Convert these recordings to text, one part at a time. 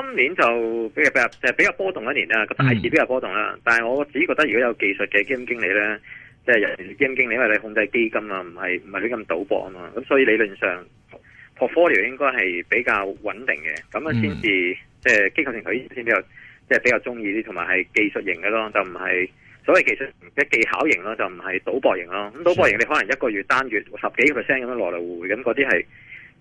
今年就比較比較就比較波動一年啦，個大市比較波動啦。嗯、但係我自己覺得，如果有技術嘅基金經理咧，即係人基金經理，因為你控制基金啊，唔係唔係亂咁賭博啊嘛。咁所以理論上 portfolio 應該係比較穩定嘅，咁樣先至即係機構性佢先比較即係比較中意啲，同埋係技術型嘅咯，就唔係所謂技術即係技巧型咯，就唔係賭博型咯。咁賭的博型你可能一個月單月十幾個 percent 咁樣來來回回，咁嗰啲係。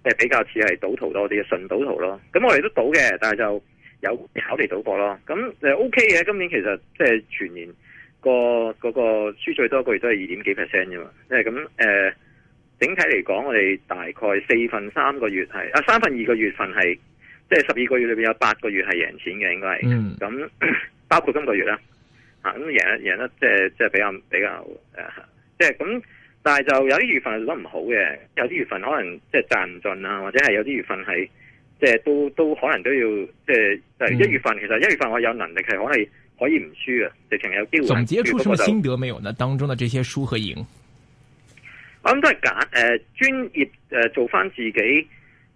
即比較似係賭徒多啲嘅純賭徒咯，咁、嗯、我哋都賭嘅，但係就有考慮到過咯。咁、嗯、誒 OK 嘅，今年其實即係全年個嗰個,個輸最多一個月都係二點幾 percent 啫嘛。即係咁誒，整體嚟講，我哋大概四份三個月係啊，三分二個月份係即係十二個月裏邊有八個月係贏錢嘅，應該係。咁、嗯嗯、包括今個月啦，嚇咁贏一贏一、即係，即係即係比較比較誒，即係咁。即係但係就有啲月份做得唔好嘅，有啲月份可能即係賺唔盡啊，或者係有啲月份係即係都都可能都要即係、就係、一月份。嗯、其實一月份我有能力，其實我係可以唔輸啊。直情有機會輸都得。總結出什麼心得沒有呢？當中的這些輸和贏，我諗都係揀誒專業誒、呃、做翻自己誒、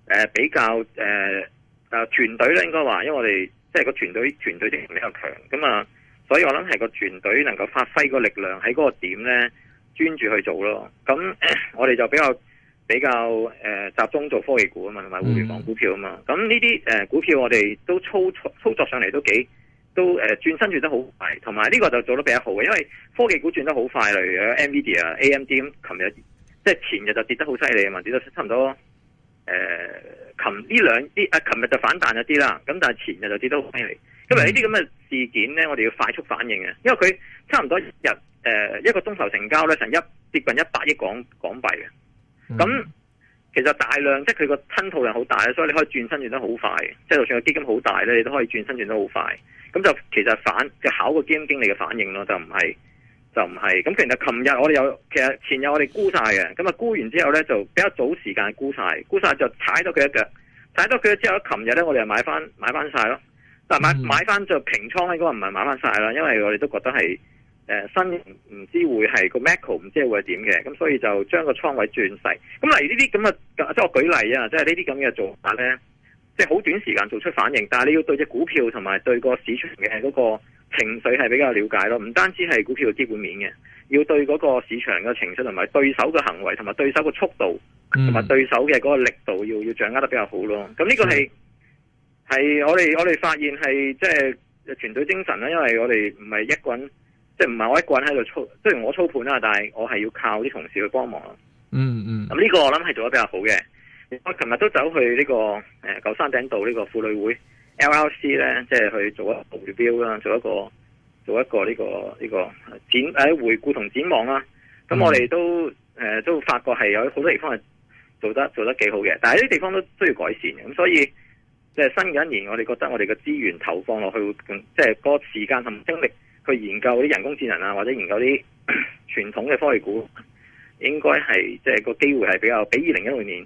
呃、比較誒誒、呃呃、團隊咧，應該話，因為我哋即係個團隊團隊精神比較強咁啊，所以我諗係個團隊能夠發揮個力量喺嗰個點呢。專注去做咯，咁我哋就比較比較誒、呃、集中做科技股啊嘛，同埋互聯網股票啊嘛。咁呢啲誒股票我哋都操操作上嚟都幾都誒轉、呃、身轉得好快，同埋呢個就做得比較好嘅，因為科技股轉得好快啦。例如 m Nvidia、AMD 咁，琴日，即係前日就跌得好犀利啊嘛，跌到差唔多誒。琴呢兩啲啊，琴日就反彈咗啲啦，咁但係前日就跌得好犀利，因為呢啲咁嘅事件咧，我哋要快速反應啊，因為佢差唔多日。誒、呃，一個鐘頭成交咧成一跌近一百億港港幣嘅，咁、嗯、其實大量即係佢個吞吐量好大，所以你可以轉身轉得好快，就是、即係就算個基金好大咧，你都可以轉身轉得好快。咁就其實反就考個基金經理嘅反應咯，就唔係就唔係。咁其實琴日我哋有，其實前日我哋沽晒嘅，咁啊沽完之後咧就比較早時間沽晒，沽晒就踩到佢一腳，踩到佢之後咧，琴日咧我哋又買翻買翻晒咯，但係買買翻就平倉咧，個唔係買翻晒啦，因為我哋都覺得係。誒、呃、新唔知會係、個 macro 唔知會點嘅，咁所以就將個倉位轉細。咁例如呢啲咁嘅，即係我舉例啊，即係呢啲咁嘅做法咧，即係好短時間做出反應。但係你要對隻股票同埋對個市場嘅嗰個情緒係比較了解咯，唔單止係股票嘅基本面嘅，要對嗰個市場嘅情緒同埋對手嘅行為同埋對手嘅速度同埋、嗯、對手嘅嗰個力度要要掌握得比較好咯。咁呢個係係、嗯、我哋我哋發現係即係團隊精神啦，因為我哋唔係一個人。即係唔係我一個人喺度操，雖然我操盤啦，但係我係要靠啲同事去幫忙咯、嗯。嗯嗯，咁呢個我諗係做得比較好嘅。我琴日都走去呢、這個誒舊山頂道呢個婦女會 L L C 咧，即係去做一個回顧表啦，做一個做一個呢、這個呢、這個展誒、啊、回顧同展望啦。咁、啊嗯、我哋都誒、呃、都發覺係有好多地方係做得做得幾好嘅，但係呢啲地方都需要改善嘅。咁、嗯、所以即係、就是、新嘅一年，我哋覺得我哋嘅資源投放落去，更、嗯，即、就、係、是、個時間同精力。去研究啲人工智能啊，或者研究啲傳統嘅科技股，應該係即係個機會係比較比二零一六年。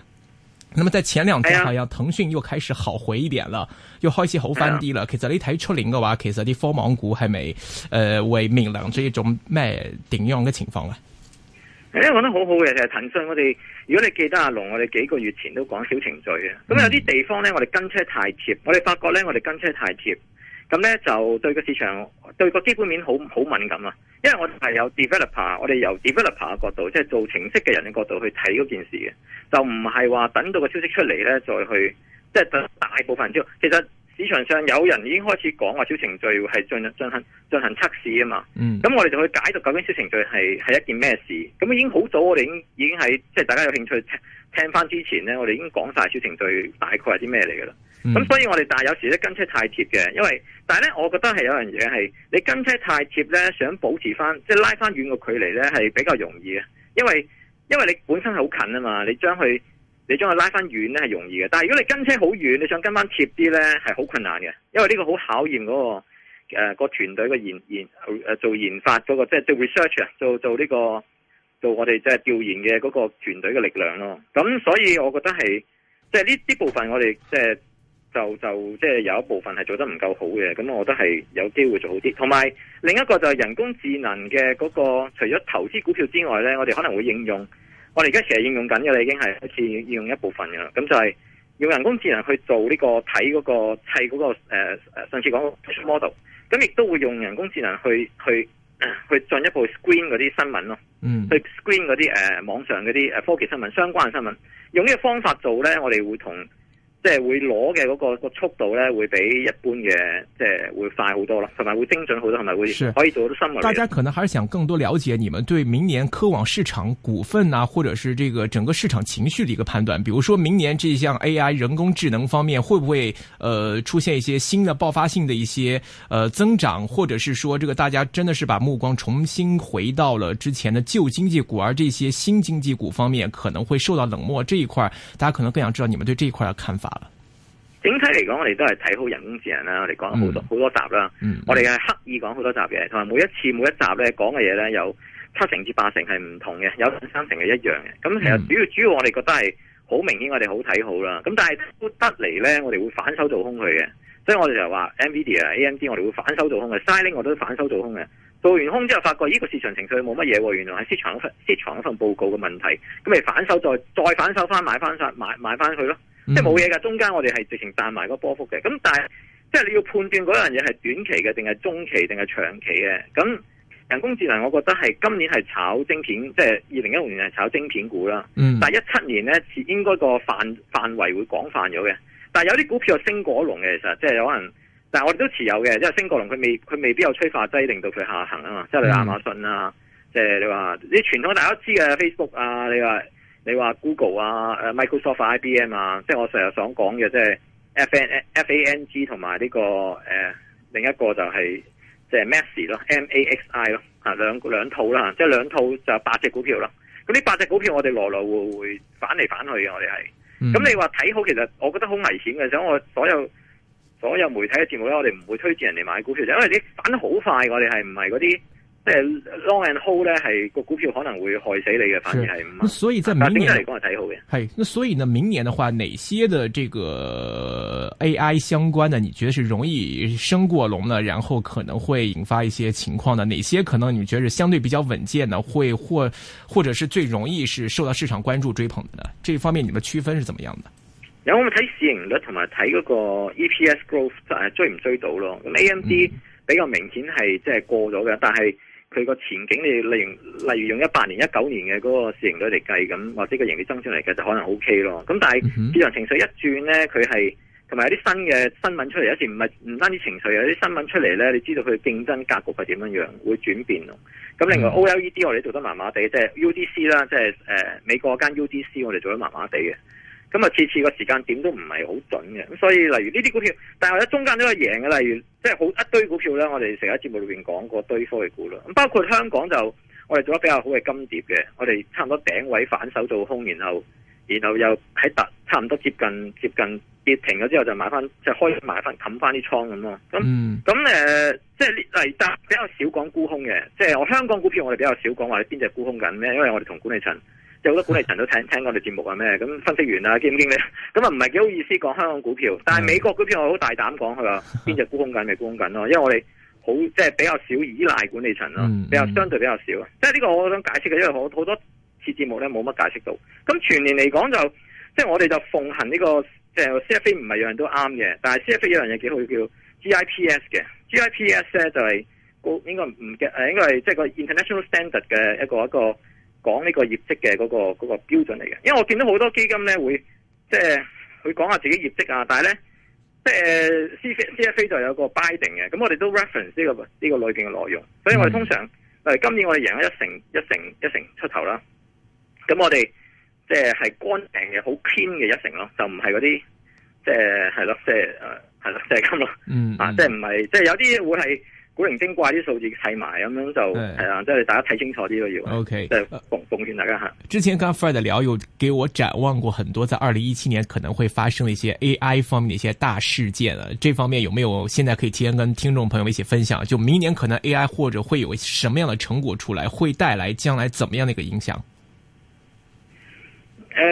那麼在前兩天，好像騰訊又開始好回一點了，啊、又開始好翻啲了。啊、其實你睇出年嘅話，其實啲科網股係咪誒會面臨着一種咩點樣嘅情況咧？誒，講得好好嘅其實騰訊。我哋如果你記得阿龍，我哋幾個月前都講小程序嘅。咁有啲地方呢，我哋跟車太貼，我哋發覺呢，我哋跟車太貼。咁咧就對個市場對個基本面好好敏感啊！因為我係有 developer，我哋由 developer 嘅角度，即係做程式嘅人嘅角度去睇嗰件事嘅，就唔係話等到個消息出嚟咧再去，即係等大部分人之後。其實市場上有人已經開始講話小程序係進行進行進行測試啊嘛。嗯，咁我哋就去解讀究竟小程序係係一件咩事？咁已經好早，我哋已經已經喺即係大家有興趣聽翻之前咧，我哋已經講晒小程序大概係啲咩嚟㗎啦。咁、嗯、所以我哋但係有時咧跟車太貼嘅，因為但係咧，我覺得係有樣嘢係你跟車太貼咧，想保持翻即係拉翻遠個距離咧，係比較容易嘅，因為因為你本身好近啊嘛，你將佢你將佢拉翻遠咧係容易嘅，但係如果你跟車好遠，你想跟翻貼啲咧係好困難嘅，因為呢個好考驗嗰、那個誒、呃那個團隊嘅研研誒做研發嗰、那個即係、就是、做 research 啊，做做、這、呢個做我哋即係調研嘅嗰個團隊嘅力量咯。咁所以我覺得係即係呢啲部分我哋即係。就就即係有一部分係做得唔夠好嘅，咁我覺得係有機會做好啲。同埋另一個就係人工智能嘅嗰個，除咗投資股票之外呢，我哋可能會應用。我哋而家其實應用緊嘅，你已經係開始應用一部分嘅啦。咁就係用人工智能去做呢個睇嗰個砌嗰個誒誒、呃，上次講 model，咁亦都會用人工智能去去、呃、去進一步 screen 嗰啲新聞咯。嗯，去 screen 嗰啲誒網上嗰啲、呃、科技新聞相關嘅新聞，用呢個方法做呢，我哋會同。即係會攞嘅個個速度咧，會比一般嘅即係會快好多啦，係咪會精準好多，係咪會可以做到新聞。大家可能還是想更多了解你們對明年科網市場股份啊，或者是這個整個市場情緒的一個判斷。比如說明年這項 AI 人工智能方面，會不會呃出現一些新的爆發性的一些呃增長，或者是說，這個大家真的是把目光重新回到了之前的舊經濟股，而這些新經濟股方面可能會受到冷漠。這一塊，大家可能更想知道你們對這一塊的看法。整體嚟講，我哋都係睇好人工智能啦。我哋講咗好多好，嗯、多集啦，我哋係刻意講好多集嘅，同埋每一次每一集咧講嘅嘢咧有七成至八成係唔同嘅，有三成係一樣嘅。咁其實主要主要我哋覺得係好明顯，我哋好睇好啦。咁但係都得嚟咧，我哋會反手做空佢嘅，所以我哋就話 NVIDIA、AMD 我哋會反手做空嘅。Xilinx 我都反手做空嘅。做完空之後發覺呢個市場情緒冇乜嘢，原來係市，市場一份市場份報告嘅問題，咁咪反手再再反手翻買翻晒買買翻佢咯。嗯、即係冇嘢噶，中間我哋係直情賺埋個波幅嘅。咁但係，即係你要判斷嗰樣嘢係短期嘅，定係中期，定係長期嘅。咁人工智能，我覺得係今年係炒晶片，即係二零一六年係炒晶片股啦。但係一七年咧，應該個範範圍會廣泛咗嘅。但係有啲股票係升過龍嘅，其實即係有可能，但係我哋都持有嘅，因為升過龍佢未佢未必有催化劑令到佢下行啊嘛，即係你亞馬遜啊，嗯、即係你話你傳統大家都知嘅 Facebook 啊，你話，你話 Google 啊、誒 Microsoft、IBM 啊，即係我成日想講嘅，即係 FAN、FANG 同埋呢、這個誒、呃，另一個就係即係 MAXI 咯、MAXI 咯，兩兩兩套啦，即係兩套就八隻股票啦。咁呢八隻股票我哋來來回回反嚟反去嘅，我哋係。咁、嗯、你話睇好，其實我覺得好危險嘅，所以我所有所有媒體嘅節目咧，我哋唔會推薦人哋買股票，因為你反得好快，我哋係唔係嗰啲。即係 long and hold 咧，係個股票可能會害死你嘅，反而係唔啱。那所以，在明年嚟講係睇好嘅。係，那所以呢，明年嘅話，哪些嘅這個 A I 相關嘅，你覺得是容易升過龍呢？然後可能會引發一些情況呢，哪些可能你覺得是相對比較穩健呢？會或或者是最容易是受到市場關注追捧的呢？這方面你們區分是怎麼樣的？然後我睇市盈率同埋睇 𠮶 個 E P S growth 誒、啊，追唔追到咯？咁 A M D、嗯、比較明顯係即係過咗嘅，但係。佢個前景，你例如例如用一八年、一九年嘅嗰個市盈率嚟計咁，或者個盈利增長嚟計，就可能 OK 咯。咁但係市場情緒一轉呢，佢係同埋有啲新嘅新聞出嚟，有時唔係唔單止情緒，有啲新聞出嚟呢，你知道佢競爭格局係點樣樣，會轉變咯。咁另外，O L E D 我哋做得麻麻地，嗯、即係 U D C 啦，即係誒美國間 U D C 我哋做得麻麻地嘅。咁啊，次次個時間點都唔係好準嘅，咁所以例如呢啲股票，但係喺中間都係贏嘅，例如即係好一堆股票咧，我哋成日喺節目裏邊講過堆科技股啦，咁包括香港就我哋做得比較好嘅金蝶嘅，我哋差唔多頂位反手做空，然後然後又喺差唔多接近接近跌停咗之後就買翻，即係開買翻冚翻啲倉咁咯。咁咁誒，即係嚟搭比較少講沽空嘅，即係我香港股票我哋比較少講話邊隻沽空緊咩，因為我哋同管理層。有好多管理層都聽，聽聽我哋節目啊咩咁分析員啊基金經理咁啊唔係幾好意思講香港股票，但係美國股票我好大膽講佢話邊隻沽空緊咪沽空緊咯，因為我哋好即係比較少依賴管理層咯，比較相對比較少啊。即係呢個我想解釋嘅，因為好多次節目咧冇乜解釋到。咁全年嚟講就即係、就是、我哋就奉行呢、這個即係 CFA 唔係樣樣都啱嘅，但係 CFA 一樣嘢幾好叫 GIPS 嘅 GIPS 咧就係應該唔嘅，誒，應該係即係個、就是、International Standard 嘅一個一個。講呢個業績嘅嗰個嗰、那個標準嚟嘅，因為我見到好多基金咧會，即係會講下自己業績啊，但係咧，即係 CFA、CFA 就有個 binding 嘅，咁我哋都 reference 呢、這個呢、這個裏邊嘅內容，所以我哋通常，誒、嗯、今年我哋贏咗一成一成一成，一成出頭啦，咁我哋即係係乾淨嘅好 clean 嘅一成咯，就唔係嗰啲，即係係咯，即係誒係咯，就係咁咯，啊即係唔係即係有啲會係。古靈精怪啲數字睇埋咁樣就係啊，即係是大家睇清楚啲咯要。OK，即係奉奉勸大家吓。之前跟 Fred 聊，有給我展望過很多在二零一七年可能會發生一些 A I 方面嘅一些大事件啊。這方面有沒有？現在可以提前跟聽眾朋友一起分享？就明年可能 A I 或者會有什麼樣的成果出來，會帶來將來怎麼樣的一個影響？誒、呃，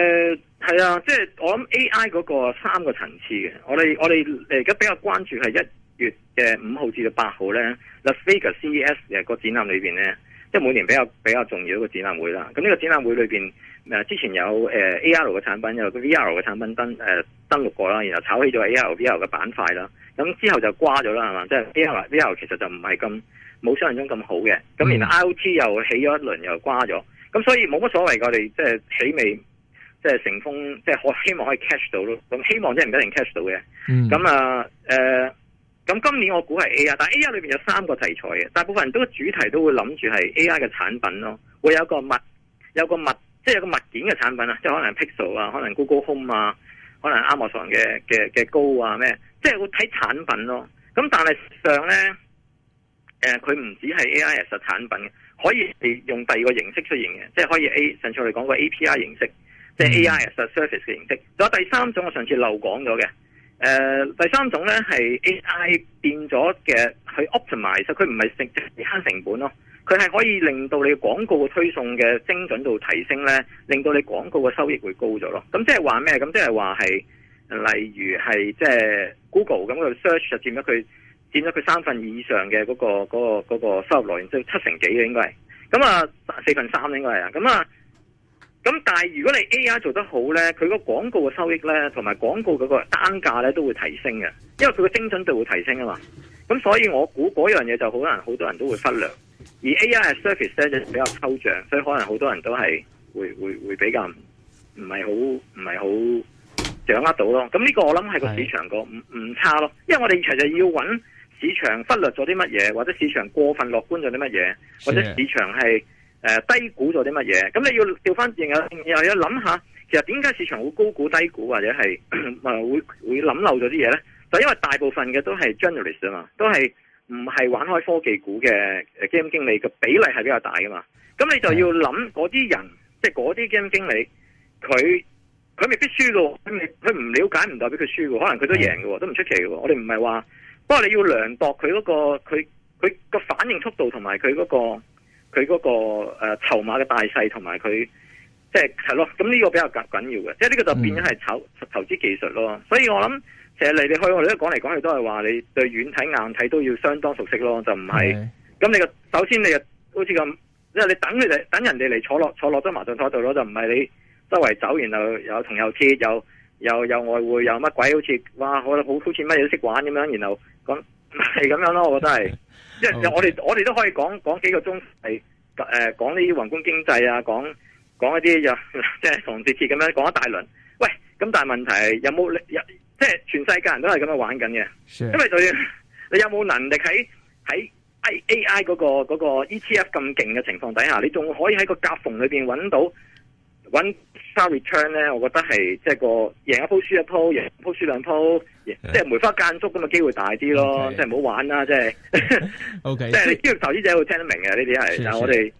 係啊，即、就、係、是、我諗 A I 嗰個三個層次嘅，我哋我哋誒而家比較關注係一。月嘅五號至到八號咧，Las Vegas CES 嘅個展覽裏邊咧，即係每年比較比較重要的一個展覽會啦。咁呢個展覽會裏邊，誒、呃、之前有誒、呃、A R 嘅產品，有個 V R 嘅產品登誒、呃、登陸過啦，然後炒起咗 A R V R 嘅板塊啦。咁之後就瓜咗啦，係嘛？即、就、係、是、A R V R 其實就唔係咁冇想象中咁好嘅。咁然後 I O T 又起咗一輪，又瓜咗。咁所以冇乜所謂，我哋即係起未，即係乘風，即係可希望可以 catch 到咯。咁希望即係唔一定 catch 到嘅。咁啊、嗯，誒、呃。呃咁今年我估係 A.I.，但係 A.I. 裏邊有三個題材嘅，大部分人都主題都會諗住係 A.I. 嘅產品咯，會有個物，有個物，即係有個物件嘅產品啊，即係可能 Pixel 啊，可能 Google Home 啊，可能 Amazon 嘅嘅嘅高啊咩，即係會睇產品咯。咁但係實上呢，誒、呃，佢唔止係 A.I. 實產品嘅，可以用第二個形式出現嘅，即係可以 A，上次我哋講過 A.P.I. 形式，即係 A.I. 實 service 嘅形式。仲有第三種，我上次漏講咗嘅。誒、呃，第三種咧係 A I 變咗嘅去 optimize，佢唔係淨係慳成本咯，佢係可以令到你廣告嘅推送嘅精準度提升咧，令到你廣告嘅收益會高咗咯。咁、嗯、即係話咩？咁即係話係例如係即係 Google 咁個 search 就佔咗佢佔咗佢三分以上嘅嗰、那個嗰、那個嗰、那個收入來源，即、就、係、是、七成幾嘅應該係。咁啊，四分三應該係啊。咁啊。咁但係如果你 A.I. 做得好呢，佢個廣告嘅收益呢，同埋廣告嗰個單價呢，都會提升嘅。因為佢個精準度會提升啊嘛。咁所以我估嗰樣嘢就好難，好多人都會忽略。而 A.I. service 呢，就係比較抽象，所以可能好多人都係會會會比較唔係好唔係好掌握到咯。咁呢個我諗係個市場個誤的差咯。因為我哋其實就要揾市場忽略咗啲乜嘢，或者市場過分樂觀咗啲乜嘢，的或者市場係。誒，低估咗啲乜嘢？咁你要調翻轉啊，又要諗下，其實點解市場會高估、低估或者係誒 會會諗漏咗啲嘢咧？就是、因為大部分嘅都係 journalist 啊嘛，都係唔係玩開科技股嘅基金經理嘅比例係比較大噶嘛。咁你就要諗嗰啲人，即係嗰啲基金經理，佢佢未必輸噶，佢唔了解唔代表佢輸噶，可能佢都贏噶，都唔出奇噶。我哋唔係話，不過你要量度佢嗰個佢佢個反應速度同埋佢嗰個。佢嗰、那個誒、呃、籌碼嘅大細同埋佢即係係咯，咁呢個比較緊緊要嘅，即係呢個就變咗係投資技術咯。所以我諗，其實嚟嚟去我哋都講嚟講去都係話你對軟體硬體都要相當熟悉咯，就唔係。咁 Okay.、嗯、你個首先你就好似咁，你等佢哋等人哋嚟坐落坐落咗麻將台度咯，就唔係你周圍走，然後有同又切又又又外匯又乜鬼，好似哇我好好好似乜嘢都識玩咁樣，然後咁係咁樣咯，我覺得係。 即係 Okay. 我哋，我哋都可以講講幾個鐘係誒講呢啲宏觀經濟啊，講講一啲又即係層層疊咁樣講一大輪。喂，咁但係問題有冇你有即係、就是、全世界人都係咁樣玩緊嘅？Sure. 因為就要你有冇能力喺喺 A A I 嗰、那個、那個、E T F 咁勁嘅情況底下，你仲可以喺個夾縫裏邊揾到。揾 carry turn 咧，return，我覺得係即係個贏一鋪輸一鋪，贏一鋪輸，輸兩鋪，是的即係梅花間竹咁嘅機會大啲咯 Okay.。即係唔好玩啦，即係，即係你專業投資者會聽得明嘅呢啲係。的但係我哋，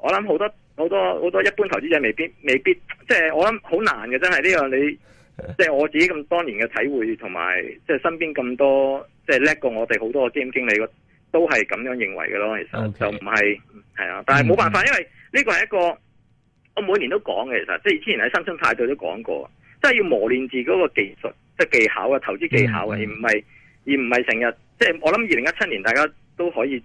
我諗好多好多好多一般投資者未必未必，即係我諗好難嘅真係呢個你，即係的我自己咁多年嘅體會，同埋即係身邊咁多即係叻過我哋好多嘅基金經理，都係咁樣認為嘅咯。其實 Okay. 就唔係，係啊，但係冇辦法，嗯、因為呢個係一個。我每年都講嘅，其實即係之前喺新春派對都講過，即係要磨練自己嗰個技術，即係技巧啊，投資技巧啊，嗯，而唔係而唔係成日。即係我諗二零一七年大家都可以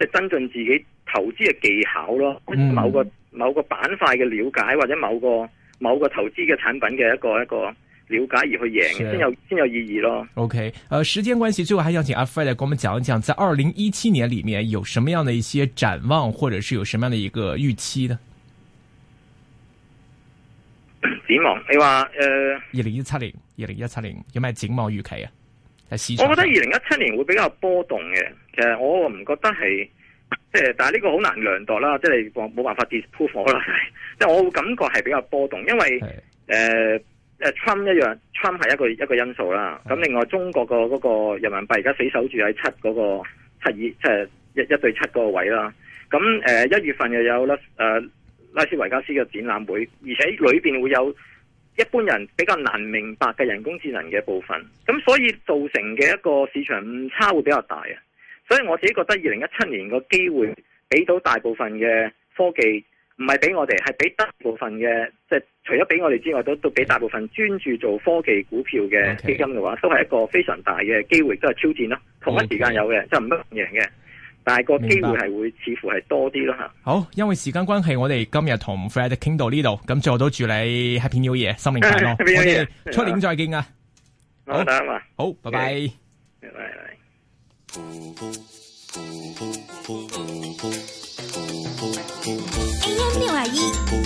即係增進自己投資嘅技巧咯，嗯，某個某個板塊嘅了解或者某個某個投資嘅產品嘅一個一個了解而去贏，先的有先有意義咯。OK，誒、呃，時間關係，最後還想請阿 Fred 跟我們講一講，在二零一七年裏面有什麼樣的一些展望，或者是有什麼樣的一個預期呢？展望你話誒，二零一七年，二零一七年有咩展望預期啊？係我覺得二零一七年會比較波動嘅。其實我唔覺得係，即係但係呢個好難量度啦，即係冇冇辦法 disprove 我啦。即係我會感覺係比較波動，因為誒誒 Trump 一樣，Trump 係一個一個因素啦。咁另外中國個個人民幣而家死守住喺七、嗰個七二即係一一對七個位啦。咁誒一月份又有 l 誒。呃拉斯維加斯嘅展覽會，而且裏面會有一般人比較難明白嘅人工智能嘅部分，咁所以造成嘅一個市場誤差會比較大啊！所以我自己覺得二零一七年個機會俾到大部分嘅科技不是，唔係俾我哋，係俾大部分嘅，即係除咗俾我哋之外，都都俾大部分專注做科技股票嘅基金嘅話，都係一個非常大嘅機會，都係挑戰咯。同一時間有嘅，即係唔一定贏嘅。大個機會係會似乎係多啲咯嚇。明白好，因為時間關係，我哋今日同 Fred 傾到呢度，咁最後都祝你 Happy New Year，新年快樂，出 年再見啊！ 好，好，拜拜，拜拜。A M 六一。